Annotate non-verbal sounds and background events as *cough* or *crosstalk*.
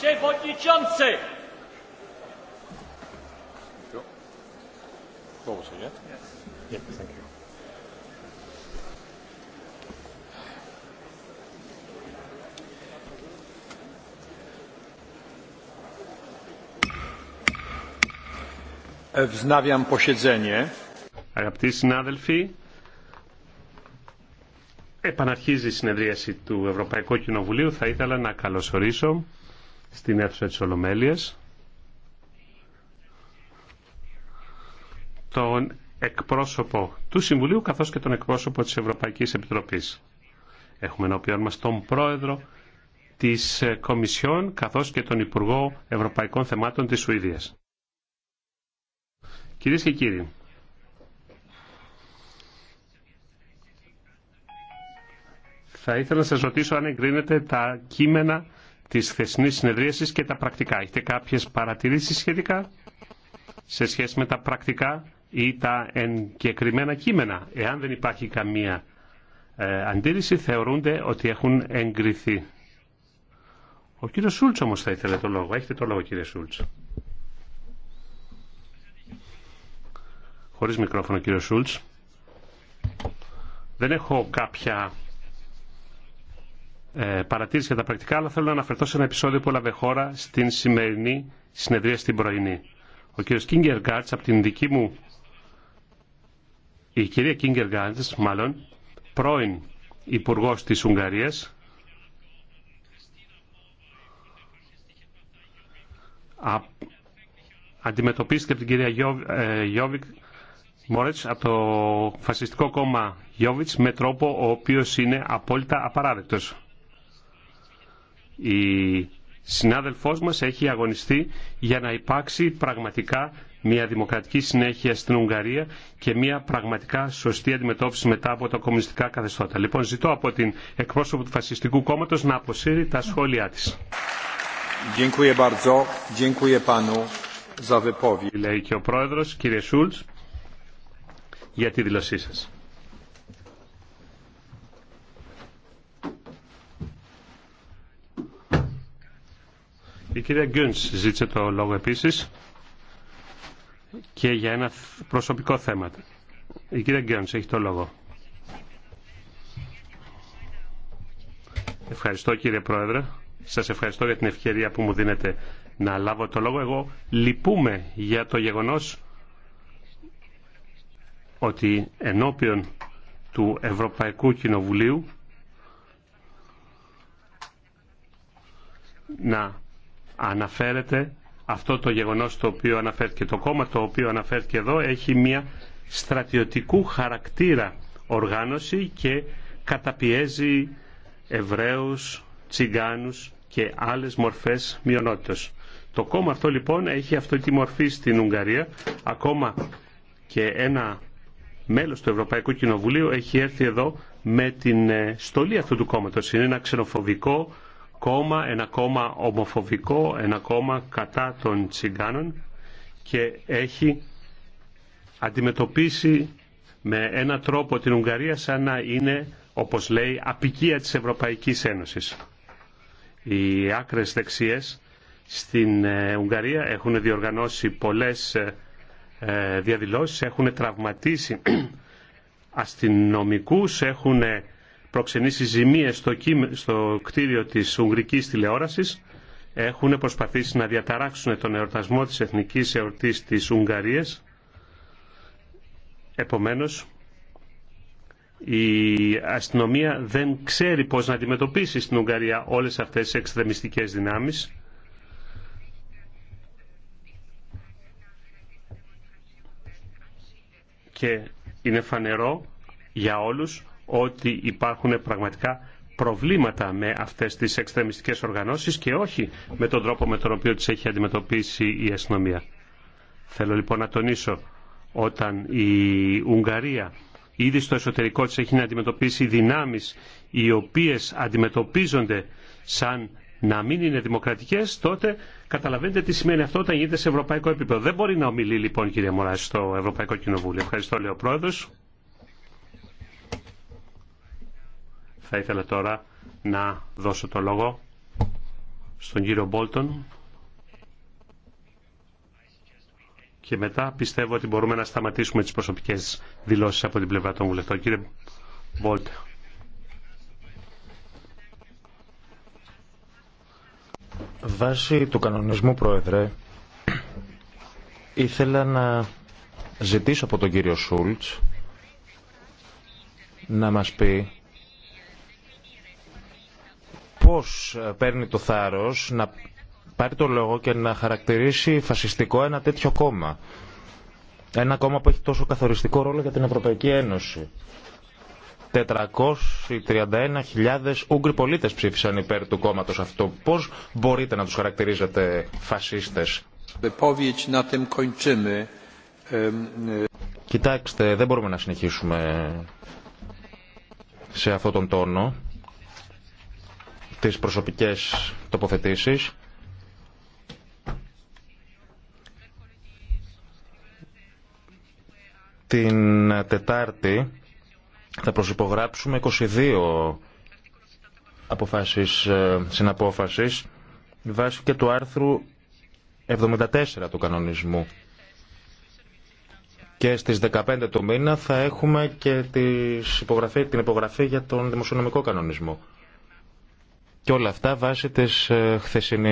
Przewodniczący! Wznawiam posiedzenie. Αγαπητοί συνάδελφοι, επαναρχίζει η συνεδρίαση του Ευρωπαϊκού Κοινοβουλίου. Θα ήθελα να καλωσορίσω στην αίθουσα της Ολομέλειας τον εκπρόσωπο του Συμβουλίου καθώς και τον εκπρόσωπο της Ευρωπαϊκής Επιτροπής. Έχουμε ενώπιον μας τον πρόεδρο της ε, Κομισιόν καθώς και τον Υπουργό Ευρωπαϊκών Θεμάτων της Σουηδίας. Κυρίες και κύριοι, θα ήθελα να σας ρωτήσω αν εγκρίνετε τα κείμενα της χθεσινής συνεδρίασης και τα πρακτικά. Έχετε κάποιες παρατηρήσεις σχετικά σε σχέση με τα πρακτικά ή τα εγκεκριμένα κείμενα. Εάν δεν υπάρχει καμία ε, αντίρρηση θεωρούνται ότι έχουν εγκριθεί. Ο κύριος Σούλτς όμως θα ήθελε το λόγο. Έχετε το λόγο κύριε Σούλτς. Χωρίς μικρόφωνο κύριο Σούλτς. Δεν έχω κάποια ε, παρατήρηση για τα πρακτικά, αλλά θέλω να αναφερθώ σε ένα επεισόδιο που έλαβε χώρα στην σημερινή συνεδρία στην πρωινή. Ο κύριος Κίνγκερ Γκάρτς από την δική μου, η κυρία Κίνγκερ Γκάρτς μάλλον, πρώην υπουργό της Ουγγαρίας, α, αντιμετωπίστηκε από την κυρία ε, Γιώβικ Μόρετς από το φασιστικό κόμμα Γιώβιτς με τρόπο ο οποίος είναι απόλυτα απαράδεκτος. Η συνάδελφός μας έχει αγωνιστεί για να υπάρξει πραγματικά μια δημοκρατική συνέχεια στην Ουγγαρία και μια πραγματικά σωστή αντιμετώπιση μετά από τα κομμουνιστικά καθεστώτα. Λοιπόν, ζητώ από την εκπρόσωπο του Φασιστικού Κόμματος να αποσύρει τα σχόλιά της. Λέει και ο πρόεδρο, κύριε Σούλτ, για τη δήλωσή σα. Η κυρία Γκιούντς ζήτησε το λόγο επίσης και για ένα προσωπικό θέμα. Η κυρία Γκιούντς έχει το λόγο. Ευχαριστώ κύριε Πρόεδρε. Σας ευχαριστώ για την ευκαιρία που μου δίνετε να λάβω το λόγο. Εγώ λυπούμε για το γεγονός ότι ενώπιον του Ευρωπαϊκού Κοινοβουλίου να αναφέρεται αυτό το γεγονός το οποίο αναφέρθηκε. Το κόμμα το οποίο αναφέρθηκε εδώ έχει μια στρατιωτικού χαρακτήρα οργάνωση και καταπιέζει Εβραίους, Τσιγκάνους και άλλες μορφές μειονότητας. Το κόμμα αυτό λοιπόν έχει αυτή τη μορφή στην Ουγγαρία. Ακόμα και ένα μέλος του Ευρωπαϊκού Κοινοβουλίου έχει έρθει εδώ με την ε, στολή αυτού του κόμματος. Είναι ένα ξενοφοβικό κόμμα, ένα κόμμα ομοφοβικό, ένα κόμμα κατά των τσιγκάνων και έχει αντιμετωπίσει με ένα τρόπο την Ουγγαρία σαν να είναι, όπως λέει, απικία της Ευρωπαϊκής Ένωσης. Οι άκρες δεξιές στην ε, Ουγγαρία έχουν διοργανώσει πολλές ε, ε, διαδηλώσεις, έχουν τραυματίσει *clears throat* αστυνομικούς, έχουν προξενήσει ζημίες στο, στο κτίριο της Ουγγρικής τηλεόρασης έχουν προσπαθήσει να διαταράξουν τον εορτασμό της εθνικής εορτής της Ουγγαρίας. Επομένως, η αστυνομία δεν ξέρει πώς να αντιμετωπίσει στην Ουγγαρία όλες αυτές τις εξτρεμιστικές δυνάμεις. Και είναι φανερό για όλους ότι υπάρχουν πραγματικά προβλήματα με αυτές τις εξτρεμιστικές οργανώσεις και όχι με τον τρόπο με τον οποίο τις έχει αντιμετωπίσει η αστυνομία. Θέλω λοιπόν να τονίσω όταν η Ουγγαρία ήδη στο εσωτερικό της έχει να αντιμετωπίσει δυνάμεις οι οποίες αντιμετωπίζονται σαν να μην είναι δημοκρατικές, τότε καταλαβαίνετε τι σημαίνει αυτό όταν γίνεται σε ευρωπαϊκό επίπεδο. Δεν μπορεί να ομιλεί λοιπόν κύριε Μωράς στο Ευρωπαϊκό Κοινοβούλιο. Ευχαριστώ λέει ο Πρόεδρος. Θα ήθελα τώρα να δώσω το λόγο στον κύριο Μπόλτον και μετά πιστεύω ότι μπορούμε να σταματήσουμε τις προσωπικές δηλώσεις από την πλευρά των βουλευτών. Κύριε Μπόλτον. Βάσει του κανονισμού, Πρόεδρε, ήθελα να ζητήσω από τον κύριο Σούλτς να μας πει πώς ε, παίρνει το θάρρος να πάρει το λόγο και να χαρακτηρίσει φασιστικό ένα τέτοιο κόμμα. Ένα κόμμα που έχει τόσο καθοριστικό ρόλο για την Ευρωπαϊκή Ένωση. 431.000 Ούγγροι πολίτες ψήφισαν υπέρ του κόμματος αυτό. Πώς μπορείτε να τους χαρακτηρίζετε φασίστες. Κοιτάξτε, δεν μπορούμε να συνεχίσουμε σε αυτόν τον τόνο τις προσωπικές τοποθετήσεις. Την Τετάρτη θα προσυπογράψουμε 22 αποφάσεις ε, συναπόφασης βάσει και του άρθρου 74 του κανονισμού. Και στις 15 του μήνα θα έχουμε και την υπογραφή για τον δημοσιονομικό κανονισμό. Και όλα αυτά βάσει τη ε, χθεσινής